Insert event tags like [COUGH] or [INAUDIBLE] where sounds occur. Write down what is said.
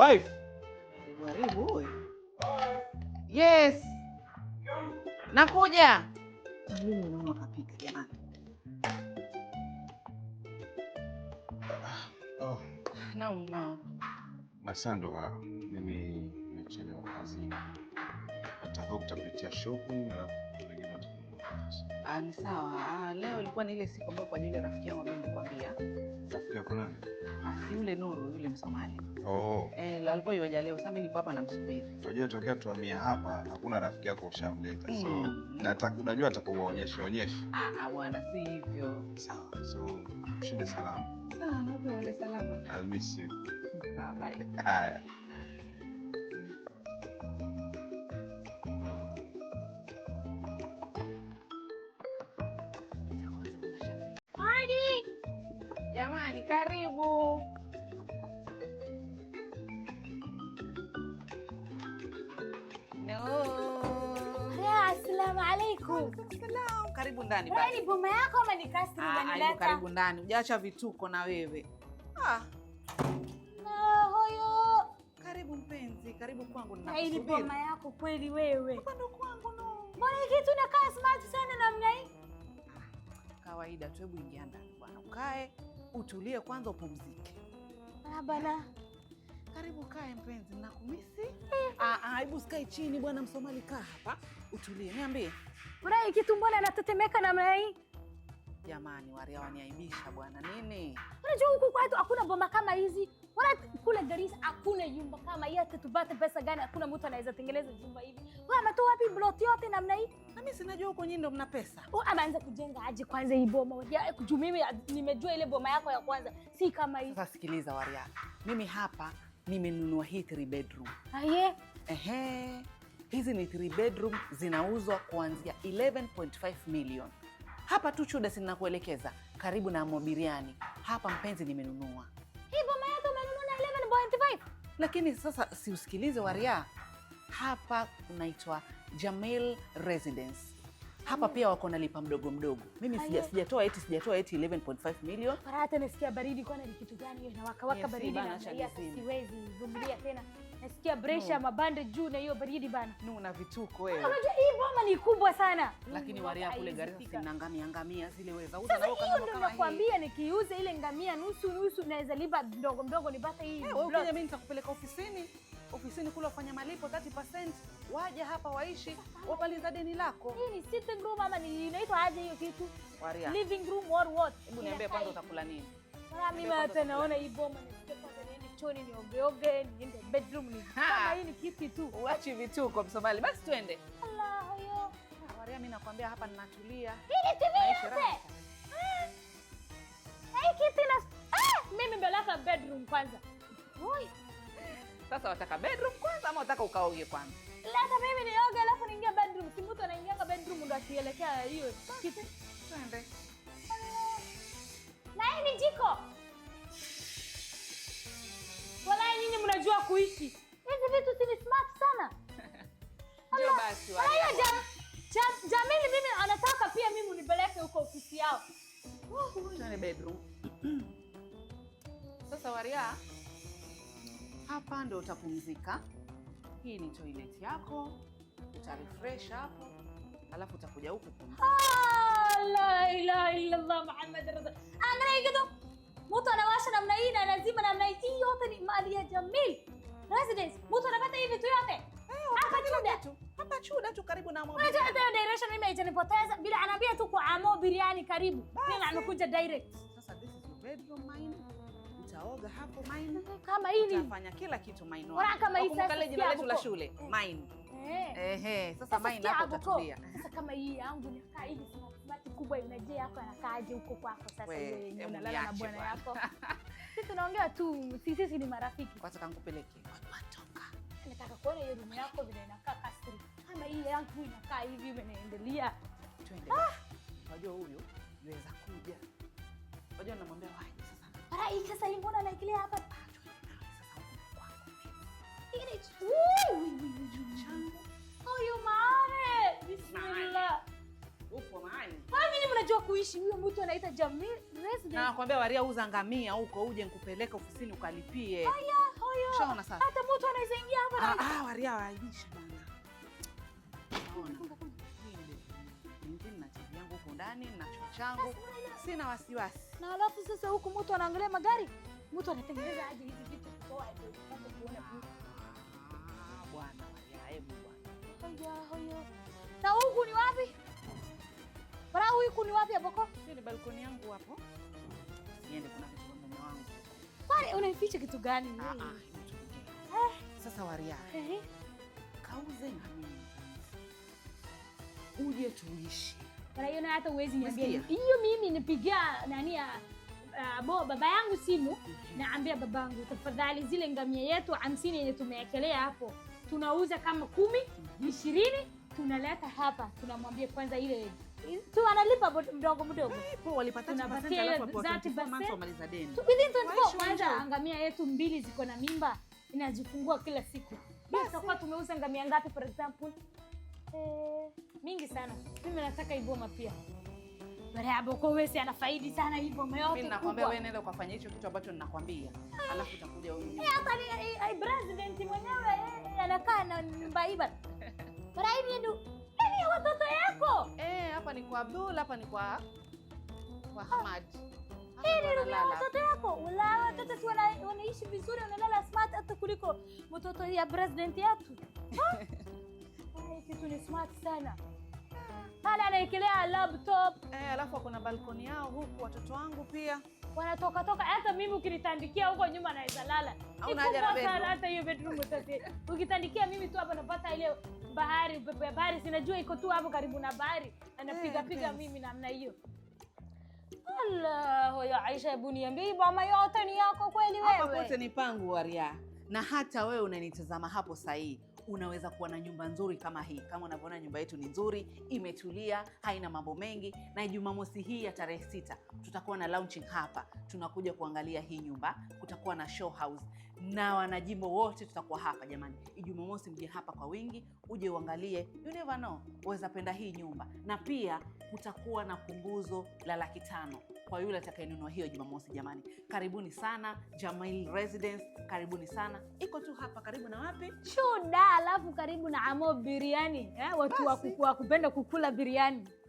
Wife. Karibu wewe. Yes. Nakuja. Mimi kapika jamani. Ah, oh. Naam, naam. Masando hao. Ah, mimi nimechelewa kazini. Atakupitia shopping alafu Ah, ni sawa. Ah, Leo ilikuwa ni ile siku ambayo kwa ajili ya rafiki yangu mimi nilikwambia. Rafiki yako nani? Ah, yule Nuru, yule Msomali. Oh. Eh, yoja leo sasa mimi nipo hapa na msubiri. Unajua tokea tuhamia hapa hakuna rafiki yako ushamleta. So, mm. nataka unajua atakuonyesha onyesha. Ah, ah, bwana si hivyo. Sawa. So, shida salama. Sawa, na salama. I miss you. Bye bye. Haya. Jamani, karibu. Assalamu alaikum. Salam. Karibu ndani baba. Ni boma yako ama ni kasri ah, ndani? Karibu ndani. Ujaacha vituko na wewe. Ah. Na ah, huyo. Karibu mpenzi, karibu kwangu na kusubiri. Hii boma yako kweli wewe. Hapa ndo kwangu no. Mbona kitu unakaa smart sana namna hii? Ah, kawaida tu, hebu ingia ndani bwana. Ukae utulie kwanza, upumzike bana. Karibu kae mpenzi, nakumisi. Eh. Ah, ah, hebu sikae chini bwana Msomali, kaa hapa utulie. Niambie Furahi, kitu mbona anatetemeka namna hii? Jamani, waria waniaibisha bwana. Nini unajua, huku kwetu hakuna bomba kama hizi. Wala kule Garissa hakuna nyumba kama hii, hata tupate pesa gani, hakuna mtu anaweza tengeneza nyumba hivi. Wewe wapi plot yote namna hii? Na mimi sinajua huko nyinyi ndio mna pesa. Wewe ameanza kujenga aje kwanza hii boma? Juu mimi nimejua ile boma yako ya kwanza si kama hii. Sasa sikiliza, Waria, mimi hapa nimenunua hii three bedroom. Aye. Ehe. Hizi ni three bedroom zinauzwa kuanzia 11.5 million. Hapa tu Chuda, sinakuelekeza karibu na Mobiriani. Hapa mpenzi, nimenunua lakini sasa siusikilize Waria. Hapa unaitwa Jamil Residence. Hapa mm. pia wako na lipa mdogo mdogo. Mimi sija sijatoa eti sijatoa eti 11.5 million. Mara hata nasikia baridi, kwa ni kitu gani hiyo? Na waka waka baridi na siwezi vumilia tena nasikia bresha no. mabande juu na hiyo baridi bana. Ni una vituko wewe. Eh. Unajua hii boma ni kubwa sana. Lakini wale hapo kule Garissa sina ngamia ngamia zile wewe zauza na kama kama hii. Nakwambia nikiuza ile ngamia nusu nusu naweza lipa ndogo mdogo nipate hii. Eh, wewe ukija mimi nitakupeleka ofisini. Ofisini kule wafanya malipo 30% waje hapa waishi wamaliza deni lako. Hii ni sitting room ama ni inaitwa aje hiyo kitu? Waria. Living room or what? Hebu niambie kwanza utakula nini? Mimi hata naona hii boma nasikia choni niogeoge niende bedroom ni kama hii ni kipi tu. Uachi vituko Msomali, basi twende. Allah huyo. Waria, mimi nakwambia hapa ninatulia. Hili TV yote. Hey, kipi na ah, mimi mbele yako bedroom kwanza. Oi. Sasa wataka bedroom kwanza ama wataka ukaoge kwanza? Lata mimi nioge alafu niingia bedroom. Si mtu anaingia kwa bedroom ndo akielekea hiyo. Kitu. Twende. Na hii ni jiko. kuishi. Hizi vitu si smart sana. [LAUGHS] Ndio basi wale. Jamili mimi anataka pia mimi unipeleke huko ofisi yao. Tuna bedroom. Sasa Waria, hapa ndo utapumzika. Hii ni toilet yako, uta refresh hapo, alafu utakuja huku. Ah, la ilaha illa Allah Muhammad Rasul. Angalia kidogo. Mtu anawasha namna hii na utanipoteza bila anaambia tu kwa amo biriani karibu. Tena anakuja direct. Sasa this is your bedroom mine. Utaoga hapo mine. Eh, kama hili. Utafanya kila kitu mine. Wala kama hii sasa. Kale jina letu la shule mine. Eh. Ehe, sasa mine hapo tatulia. Sasa kama hii yangu ni nakaa hivi kibati kubwa inaje yako anakaaje huko kwako sasa yeye unalala na bwana yako. [LAUGHS] Sisi tunaongea tu, sisi ni marafiki. Kwanza Kwa toka. Nataka kuona hiyo room yako vile inakaa kama ile yangu inakaa hivi imeendelea. Twende. Ah! Unajua huyo yuweza kuja. Unajua namwambia waje sasa. Bara hii sasa hii mbona naikilia hapa? Ah, ile Bismillah. Upo Kwa nini mnajua kuishi huyo mtu anaita Jamil Resident? Na waria uza ngamia huko uje ofisini ukalipie. Haya, hoyo. Shaona sasa. Hata mtu anaweza ingia hapa ah, ah, waria waibisha bana mimi na TV yangu huko ndani na choo changu, sina wasiwasi. Na alafu sasa huku mtu anaangalia magari, mtu anatengeneza aje hizi vitu kuona bwana bwana. Na huku ni wapi? Bara huku ni wapi hapo? Hii ni balkoni yangu hapo. Niende kuna vitu vya mume wangu. Pale unaificha kitu gani? Ah ah. Eh. Sasa waria. Eh. Kauze na uje tuishi. Kwa hiyo na hata uwezi niambia hiyo, mimi nipigia nani ya Uh, bo baba yangu simu mm-hmm. naambia babangu, tafadhali zile ngamia yetu hamsini yenye tumewekelea hapo tunauza kama kumi mm-hmm. ishirini, tunaleta hapa, tunamwambia kwanza ile tu analipa mdogo mdogo, kwanza ngamia yetu mbili ziko na mimba inajifungua kila siku, tutakuwa tumeuza ngamia ngapi, for example Eh, mingi sana. Mimi nataka Iboma pia. Barabo kwa wewe si anafaidi sana Iboma yote. Mimi nakwambia wewe nenda ukafanya hicho kitu ambacho ninakwambia. Alafu utakuja wewe. Eh, hapa ni eh, eh, president mwenyewe anakaa na nyumba hii bana. Bara hivi ndio ni watoto yako. Eh, hapa ni kwa Abdul, hapa ni kwa kwa ah, Hamad. Hili ni watoto yako. Wala watoto tu wanaishi vizuri, wanalala smart hata kuliko mtoto ya president yetu. [LAUGHS] hii kitu ni smart sana. Pale anaekelea laptop. Eh, alafu kuna balkoni yao huku watoto wangu pia wanatoka toka. Hata mimi ukinitandikia huko nyuma naweza lala. Hata hiyo bedroom utasi. Ukitandikia mimi tu hapa napata ile bahari, upepo ya bahari, sinajua iko tu hapo karibu na bahari. Anapiga eh, piga eh. mimi namna hiyo. Allah ya Aisha, hebu niambie boma yote ni yako kweli wewe? Hapo kote ni pangu waria. Na hata wewe unanitazama hapo sahihi unaweza kuwa na nyumba nzuri kama hii. Kama unavyoona nyumba yetu ni nzuri, imetulia, haina mambo mengi, na Jumamosi hii ya tarehe sita tutakuwa na launching hapa. Tunakuja kuangalia hii nyumba, kutakuwa na show house na wanajimbo wote tutakuwa hapa jamani. Ijumaa mosi mje hapa kwa wingi, uje uangalie, you never know, uweza penda hii nyumba. Na pia kutakuwa na punguzo la laki tano kwa yule atakayenunua hiyo Jumamosi. Jamani, karibuni sana Jamail Residence, karibuni sana, iko tu hapa karibu na wapi, Chuda, alafu karibu na Amo Biriani eh, watu wa kupenda kukula biriani.